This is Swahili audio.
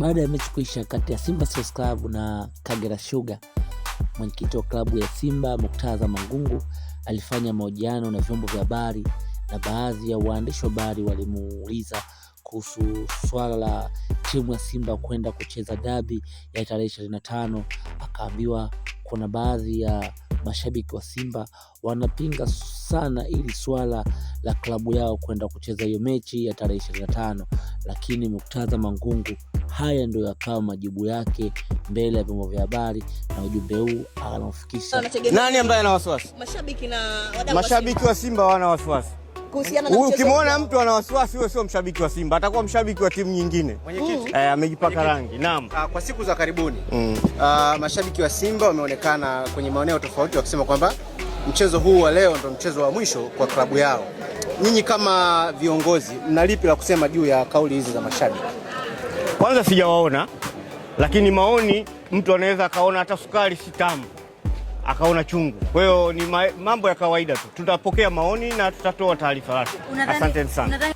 Baada ya mechi kuisha kati ya Simba Sports Club na Kagera Sugar, mwenyekiti wa klabu ya Simba Muktaza Mangungu alifanya mahojiano na vyombo vya habari na baadhi ya waandishi wa habari walimuuliza kuhusu swala la timu ya Simba kwenda kucheza dabi ya tarehe ishirini na tano. Akaambiwa kuna baadhi ya mashabiki wa Simba wanapinga sana ili swala la klabu yao kwenda kucheza hiyo mechi ya tarehe ishirini na tano, lakini Muktaza Mangungu Haya ndio yakawa majibu yake mbele ya vyombo vya habari, na ujumbe huu anaofikisha. nani ambaye ana wasiwasi? Mashabiki na wadau, mashabiki wa Simba wana wasiwasi Ukimwona mtu ana wasiwasi, huyo sio mshabiki wa Simba, atakuwa mshabiki wa timu nyingine. Eh, amejipaka rangi. Naam. Ah, kwa siku za karibuni mm. uh, mashabiki wa Simba wameonekana kwenye maeneo tofauti wakisema kwamba mchezo huu wa leo ndio mchezo wa mwisho kwa klabu yao. Nyinyi kama viongozi, mna lipi la kusema juu ya kauli hizi za mashabiki? Kwanza sijawaona, lakini maoni, mtu anaweza akaona hata sukari si tamu akaona chungu. Kwa hiyo ni mambo ya kawaida tu, tutapokea maoni na tutatoa taarifa rasmi. Asanteni sana.